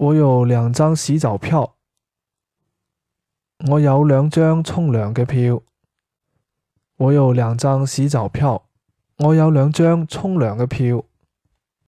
我有兩張洗澡票，我有兩張沖涼嘅票，我有兩張洗澡票，我有兩張沖涼嘅票。